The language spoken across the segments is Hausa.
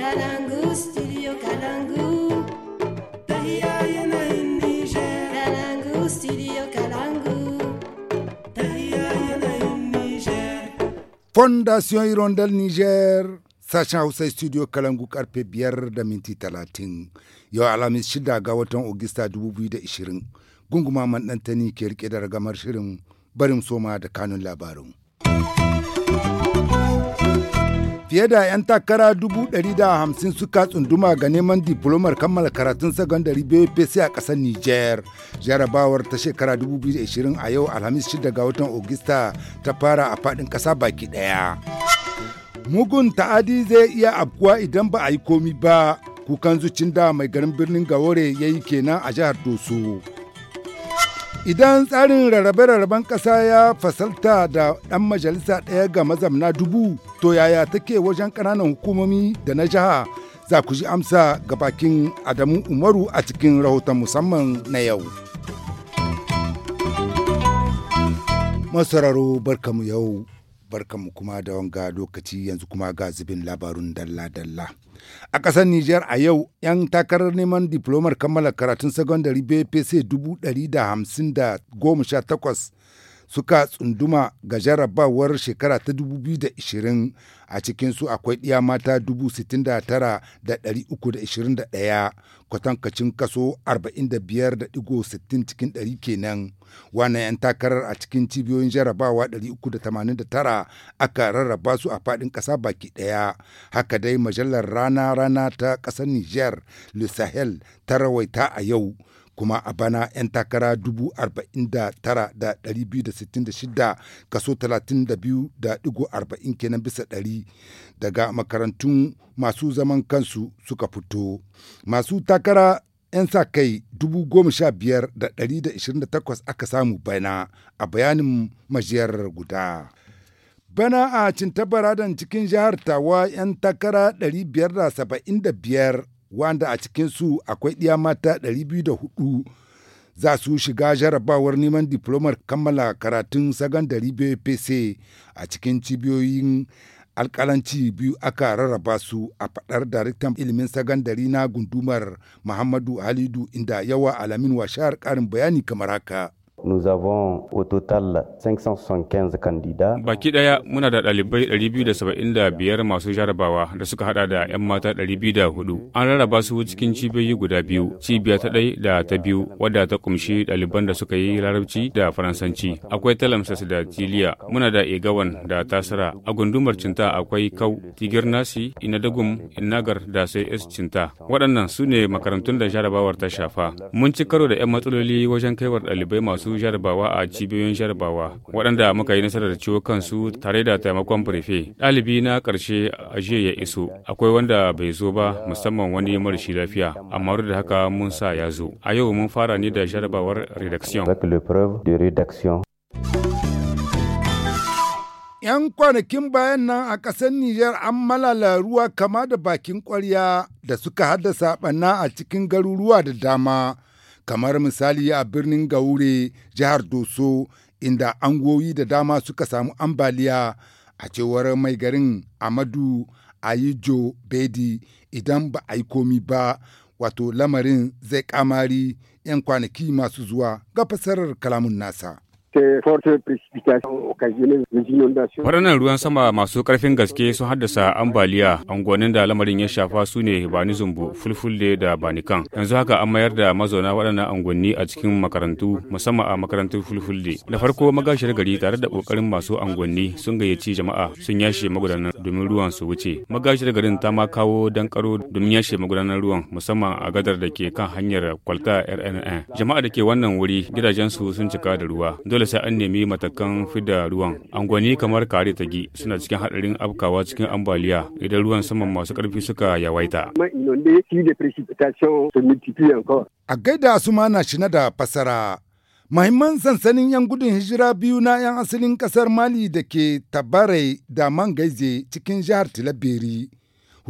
Kalangu, studio Kalangu. Tahiya yanayin Niger. Kalangu, studio Kalangu. Tahiya yanayin Niger. Fondation Hirondelle Niger. Sashen Hausa Studio Kalangu karfe biyar da minti talatin. Yau Alhamis shida ga watan Ogista 2020. Gunguma man ɗantani ke rike da ragamar shirin barin soma da kanun labarin. fiye da 'yan takara 150 suka tsunduma ga neman diplomar kammala karatun sakandare BPC a ƙasar Nijar. Jarabawar ta shekara 2020 a yau Alhamis 6 ga watan Ogista ta fara a faɗin ƙasa baki ɗaya. Mugun ta'adi zai iya afkuwa idan ba a yi komi ba, kukan zucin da mai garin birnin Gawore ya yi kenan a jihar dosu Idan tsarin rarrabe-rarraben ƙasa ya fasalta da ɗan majalisa ɗaya ga mazamna dubu, to yaya take wajen ƙananan hukumomi da na jiha za ku ji amsa ga bakin Adamu Umaru a cikin rahoton musamman na yau. Masararo barkamu yau. barkanmu kuma da wanga lokaci yanzu kuma ga zubin labarun dalla-dalla. A ƙasar niger a yau, 'yan takarar neman diplomar kammala karatun sakandare BPC 158 suka tsunduma ga jarabawar shekara ta 2020 a cikinsu akwai ɗiya mata 69,321 kwatankacin kaso 45.60 cikin 100 kenan wannan 'yan takarar a cikin cibiyoyin jarabawa 389 aka rarraba su a faɗin ƙasa baki ɗaya haka dai majalar rana-rana ta ƙasar niger le sahel ta rawaita a yau kuma a bana 'yan takara 49,266 kaso 32.40 kenan bisa ɗari daga makarantun masu zaman kansu suka fito masu takara 'yan sa kai 15,128 aka samu bana a bayanin majiyar guda. Bana a Cintabaradan cikin jihar Tawa 'yan takara 575 wanda a cikin su akwai ɗiya mata 204 za su shiga jarabawar neman diplomar kammala karatun sagandari bpc a cikin cibiyoyin alkalanci biyu aka rarraba su a fadar daraktan ilimin sagandari na gundumar muhammadu halidu inda yawa alamin washar karin bayani kamar haka Nous avons au total 575 candidats. Baki daya muna da ɗalibai 275 masu jarabawa da suka hada da 'yan mata 204. An raraba su cikin cibiyoyi guda biyu, cibiya ta ɗai da ta biyu wadda ta kumshi ɗaliban da suka yi larabci da faransanci. Akwai Talamsas da Tiliya, muna da Egawan da tasara A gundumar Cinta akwai Kau, Tigir Nasi, Inadagum, inagar da sai S Cinta. Waɗannan su ne makarantun da jarabawar ta shafa. Mun ci karo da 'yan matsaloli wajen kaiwar ɗalibai masu masu jarabawa a cibiyoyin jarabawa waɗanda muka yi nasarar ciwo kansu tare da taimakon prefe ɗalibi na ƙarshe a ya iso akwai wanda bai zo ba musamman wani marashi lafiya amma da haka mun sa ya zo a yau mun fara ne da jarabawar redaction 'yan kwanakin bayan nan a ƙasar Nijar an malala ruwa kama da bakin ƙwarya da suka haddasa ɓanna a cikin garuruwa da dama kamar misali a birnin gaure jihar doso inda angoyi da dama suka samu ambaliya a cewar mai garin amadu ayijo bedi idan ba a yi komi ba wato lamarin zai kamari 'yan kwanaki masu zuwa ga fasarar kalamun nasa. Waɗannan ruwan sama masu karfin gaske sun haddasa ambaliya angonin da lamarin ya shafa su ne Bani Zumbu, Fulfulde da kan Yanzu haka an mayar da mazauna waɗannan angonni a cikin makarantu musamman a makarantar Fulfulde. Da farko magashiyar gari tare da ƙoƙarin masu angonni sun gayyaci jama'a sun yashe magudanar domin ruwan su wuce. magashar garin ta ma kawo dankaro domin yashe magudanar ruwan musamman a gadar da ke kan hanyar kwalta RNN. Jama'a da ke wannan wuri gidajensu sun cika da ruwa. dole sai an nemi matakan fida ruwan angwani kamar kare tagi suna cikin hadarin afkawa cikin ambaliya idan ruwan saman masu karfi suka yawaita a gaida su ma na na da fasara mahimman sansanin 'yan gudun hijira biyu na 'yan asalin kasar mali da ke tabarai da man gaize cikin jihar tilaberi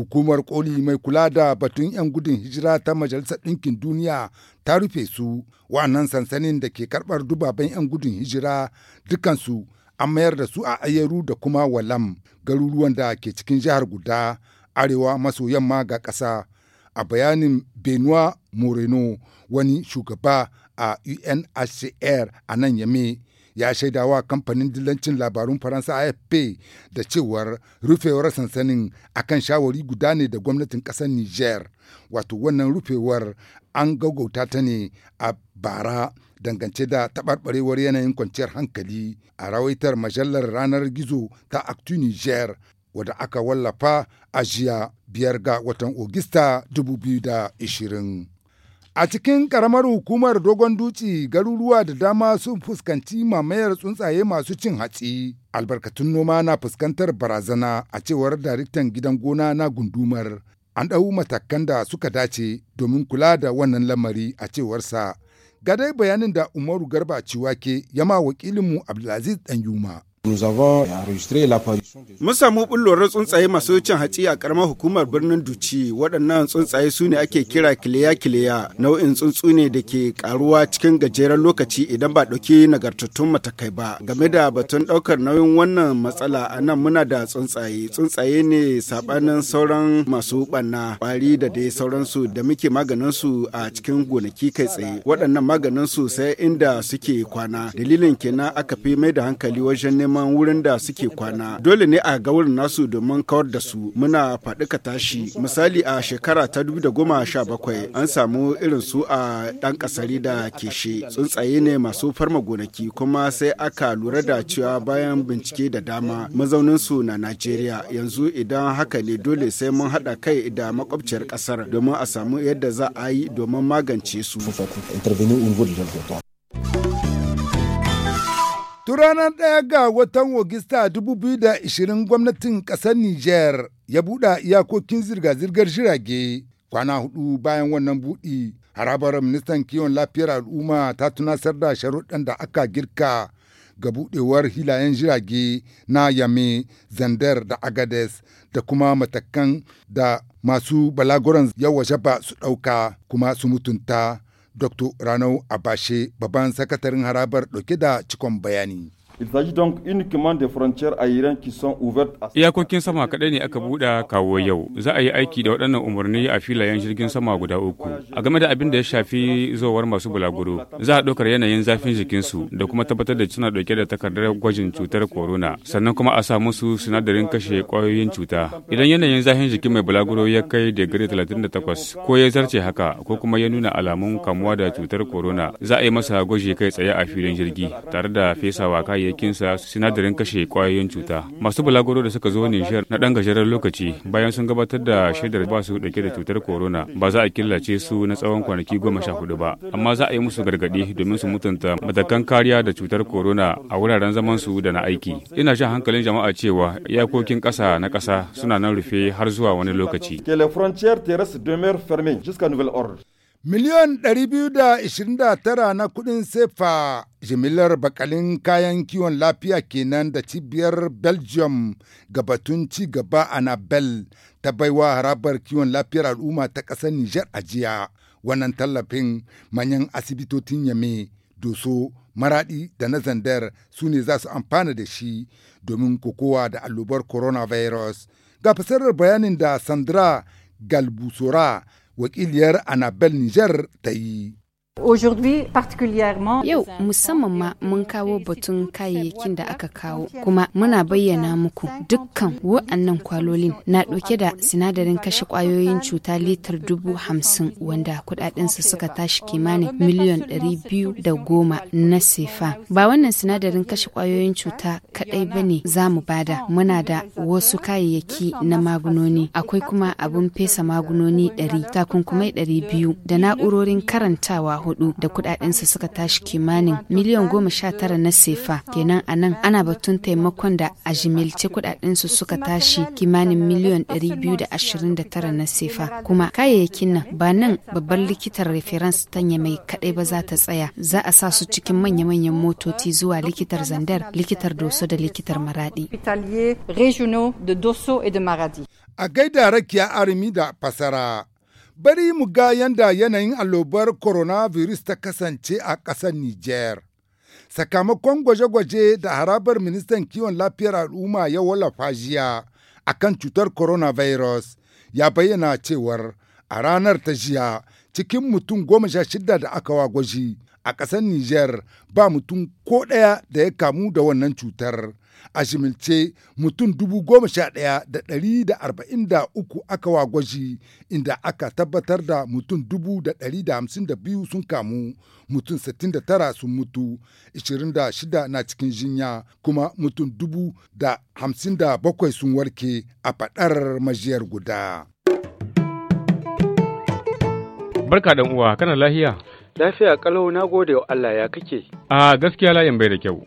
Hukumar koli mai kula da batun 'yan gudun hijira ta Majalisar Ɗinkin Duniya ta rufe su wannan sansanin da ke karɓar dubaban 'yan gudun hijira dukansu an mayar da su a ayyaru da kuma walam garuruwan da ke cikin jihar guda arewa maso yamma ga ƙasa a bayanin Benoit Moreno wani shugaba a UNHCR a nan Yame ya shaida wa kamfanin dillancin labarun faransa afp da cewar rufewar sansanin akan shawari guda ne da gwamnatin ƙasar niger wato wannan rufewar an gaugauta ta ne a bara dangance da taɓarɓarewar yanayin kwanciyar hankali a rawaitar majalar ranar gizo ta actu niger wadda aka wallafa a jiya biyar ga watan ogista 2020 A cikin karamar hukumar Dogon Dutse garuruwa da dama sun fuskanci mamayar tsuntsaye masu cin hatsi. Albarkatun noma na fuskantar barazana a cewar daraktan gidan gona na gundumar. An ɗau matakan da suka dace domin kula da wannan lamari a cewarsa. Ga dai bayanin da Umaru Garba Ciwake yama wakilinmu Abdulaziz yuma Mun samu bullorar tsuntsaye masu cin hatsi a karamar hukumar birnin Duci waɗannan tsuntsaye su ne ake kira kiliya kiliya nau'in tsuntsu ne da ke karuwa cikin gajeren lokaci idan ba ɗauki nagartattun matakai ba. Game da batun ɗaukar nauyin wannan matsala a nan muna da tsuntsaye. Tsuntsaye ne saɓanin sauran masu ɓanna ƙwari da dai sauransu da muke maganin su a cikin gonaki kai tsaye. Waɗannan maganin su sai inda suke kwana. Dalilin kenan aka fi mai da hankali wajen neman neman wurin da suke kwana dole ne a ga wurin nasu domin kawar da su muna faɗi ka tashi misali a shekara ta goma bakwai an samu irin su a ɗan ƙasari da keshe tsuntsaye ne masu farma gonaki kuma sai aka lura da cewa bayan bincike da dama mazaunin su na Najeriya yanzu idan haka ne dole sai mun haɗa kai da makwabciyar ƙasar domin a samu yadda za a yi domin magance su. Tun ranar ɗaya ga watan Ogista 2020 gwamnatin ƙasar Nijar ya buɗe iyakokin zirga-zirgar jirage kwana hudu bayan wannan buɗi. Harabar ministan kiwon lafiyar al'umma ta tunasar da sharuɗan da aka girka ga buɗewar hilayen jirage na Yame, Zandar da Agades da kuma matakan da masu balaguran yawa ba su ɗauka kuma su mutunta. Dr. Ranau Abashe, babban sakataren harabar ɗauke da cikon bayani. il donc uniquement des frontières qui sont Iyakokin sama kadai ne aka buɗe kawo yau. Za a yi aiki da waɗannan umarni a filayen jirgin sama guda uku. A game da abin da ya shafi zowar masu bulaguro, za a ɗaukar yanayin zafin jikinsu da kuma tabbatar da suna ɗauke da takardar gwajin cutar corona. Sannan kuma a sa musu sinadarin kashe kwayoyin cuta. Idan yanayin zafin jikin mai bulaguro ya kai digiri 38 ko ya zarce haka ko kuma ya nuna alamun kamuwa da cutar corona, za a yi masa gwaji kai tsaye a filin jirgi tare da fesawa kayayyakin kayayyakinsa sinadarin kashe kwayoyin cuta. Masu bulaguro da suka zo Nijar na ɗan gajeren lokaci bayan sun gabatar da shaidar ba su ɗauke da cutar corona ba za a killace su na tsawon kwanaki goma sha hudu ba, amma za a yi musu gargadi domin su mutunta matakan kariya da cutar corona a wuraren zaman su da na aiki. Ina shan hankalin jama'a cewa yakokin ƙasa na ƙasa suna nan rufe har zuwa wani lokaci. Miliyon 229 na kuɗin sefa jimillar bakalin kayan kiwon lafiya kenan da cibiyar Belgium ga batun ci gaba Anabel ta baiwa harabar kiwon lafiyar al'umma ta ƙasar Nijar a jiya. Wannan tallafin manyan asibitocin Yame, Doso, Maradi da na Zandar su ne za su amfana da shi domin kokowa da allobar coronavirus. Ga fasarar bayanin da Sandra Galbusora wakiliyar Anabel Nijar ta yi. Yau musamman ma mun kawo batun kayayyakin da aka kawo kuma muna bayyana muku dukkan wa'annan kwalolin na ɗauke da sinadarin kashe kwayoyin cuta litar dubu hamsin wanda su suka tashi kimanin miliyan ɗari biyu da goma na sefa. Ba wannan sinadarin kashe kwayoyin cuta kaɗai ba ne za mu bada muna da wasu kayayyaki na magunoni akwai kuma abun fesa magunoni ɗari takunkumai ɗari biyu da na'urorin karantawa hudu da su suka tashi kimanin miliyan goma sha tara na sefa kenan a nan ana batun taimakon da a jimilce kudadensu suka tashi kimanin miliyan ɗari biyu da ashirin da tara na sefa kuma kayayyakin nan ba nan babbar likitar reference tanya mai kadai ba za ta tsaya za a sa su cikin manya-manyan motoci zuwa likitar zandar likitar doso da likitar maradi a gaida rakiya arimi da fasara Bari mu ga yanda yanayin allobar coronavirus ta kasance a ƙasar Nijar. Sakamakon gwaje-gwaje da harabar ministan kiwon lafiyar al'umma ya wallafa jiya a kan cutar coronavirus ya bayyana cewar a ranar ta jiya cikin mutum goma sha shida da aka wa gwaji a ƙasar Nijar ba mutum ko ɗaya da ya kamu da wannan cutar. a jimilce mutum dubu goma sha ɗaya da ɗari da arba'in da uku aka wa gwaji inda aka tabbatar da mutum dubu da ɗari da hamsin da biyu sun kamu mutum sittin da tara sun mutu ishirin da shida na cikin jinya kuma mutum dubu da hamsin da bakwai sun warke a faɗar majiyar guda. Barka dan uwa kana lahiya? Lafiya kalau na gode wa Allah ya kake. A gaskiya layin bai da kyau.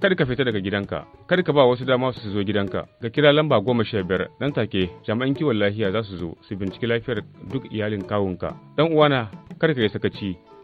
kada ka fita daga gidanka kada ka ba wasu dama su zo gidanka ga kira lamba goma sha biyar nan take jami'an kiwon lafiya za su zo su binciki lafiyar duk iyalin kawunka dan uwana kada ka yi sakaci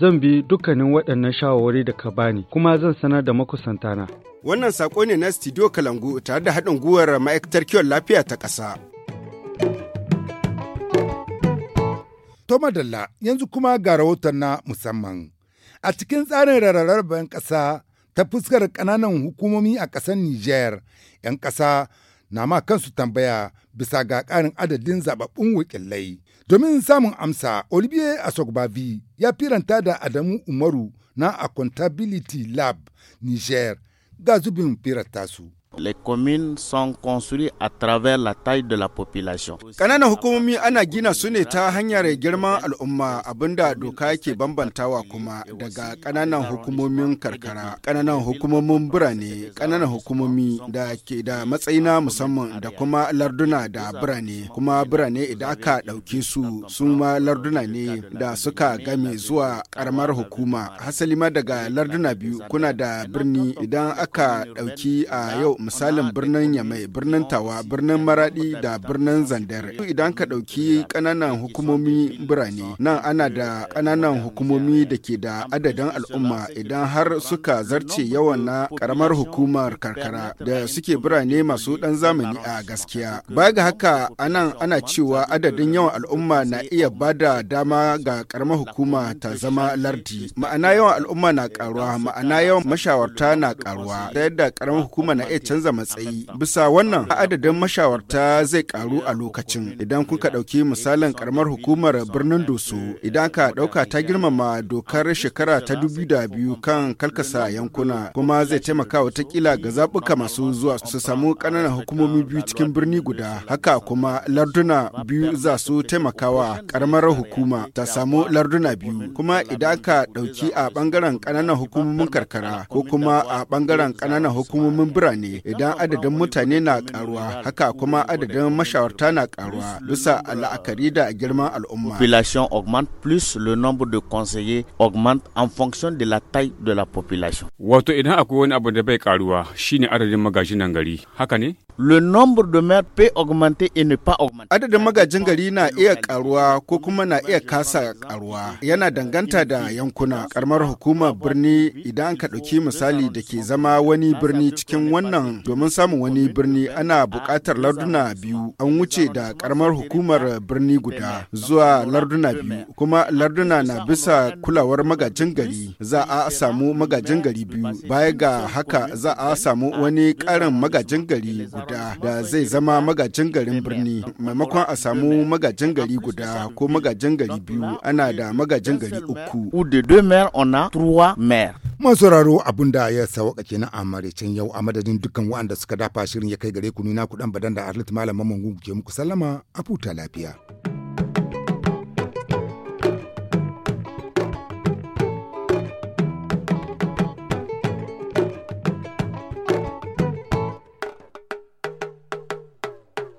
zan bi dukkanin waɗannan shawarwari da ka bani kuma zan sanar da makusantana. Wannan saƙo ne na Studio Kalangu tare da haɗin gwiwar ma'aikatar kiwon lafiya ta ƙasa. Toma Dalla yanzu kuma ga rahoton na musamman. A cikin tsarin rarrabar bayan ƙasa ta fuskar ƙananan hukumomi a ƙasar Nijar, 'yan ƙasa na ma kansu tambaya bisa ga ƙarin adadin zaɓaɓɓun wakilai Domin samun amsa, Olivier Asogbavi ya firanta da Adamu Umaru na Accountability Lab Niger ga zubin firanta su. Les communes sont construites à travers la taille de la population. Ƙananan hukumomi ana gina su ne ta hanyar girman al'umma abinda doka ke bambantawa kuma daga ƙananan hukumomin karkara, ƙananan hukumomin birane, ƙananan hukumomi da ke da matsayina musamman da kuma larduna da birane, kuma birane idan aka ɗauke su su ma larduna ne da suka game zuwa ƙaramar hukuma. Hasali ma daga larduna biyu kuna da birni idan aka ɗauki a yau misalin birnin Yamai, birnin Tawa, birnin Maradi da birnin Zandar. Idan ka ɗauki ƙananan hukumomi birane, nan ana da ƙananan hukumomi da ke da adadin al'umma idan har suka zarce yawan na ƙaramar hukumar karkara da suke birane masu ɗan zamani a gaskiya. Ba ga haka anan ana cewa adadin yawan al'umma na iya ba da dama ga ƙaramar hukuma ta zama lardi. Ma'ana yawan al'umma na ƙaruwa, ma'ana yawan mashawarta na ƙaruwa, ta yadda ƙaramar hukuma na iya canza matsayi. Bisa wannan adadin mashawarta zai karu a lokacin. Idan kuka ɗauki misalin karamar hukumar birnin Doso, idan ka ɗauka ta girmama dokar shekara ta biyu kan kalkasa yankuna kuma zai taimaka watakila ga zaɓuka masu zuwa su samu ƙananan hukumomi biyu cikin birni guda. Haka kuma larduna biyu za su taimakawa karamar hukuma ta samu larduna biyu. Kuma idan ka ɗauki a ɓangaren ƙananan hukumomin karkara ko kuma a ɓangaren ƙananan hukumomin birane idan adadin mutane na karuwa haka kuma adadin mashawarta na karuwa bisa la'akari da girman al'umma. Population augmente plus le nombre de conseillers augmente en fonction de la taille de la population. Wato idan akwai wani abu da bai karuwa shine adadin nan gari haka ne? Le nombre de maires peut augmenter et ne pas augmenter. Adadin magajin gari na iya karuwa ko kuma na iya kasa karuwa yana danganta da yankuna karamar hukumar birni idan ka ɗauki misali da ke zama wani birni cikin wannan domin samun wani birni ana buƙatar larduna biyu an wuce da karamar hukumar birni guda zuwa larduna biyu kuma larduna na bisa kulawar magajin gari za a samu magajin gari biyu baya ga haka za a samu wani karin magajin gari guda da zai zama magajin garin birni maimakon a samu magajin gari guda ko magajin gari biyu ana da magajin gari uku. masauraro abun da ya sauka kenan a can yau a madadin dukkan waɗanda suka dafa shirin ya kai gare ku nuna kuɗan badan da arlit malam mamman ke muku sallama a futa lafiya.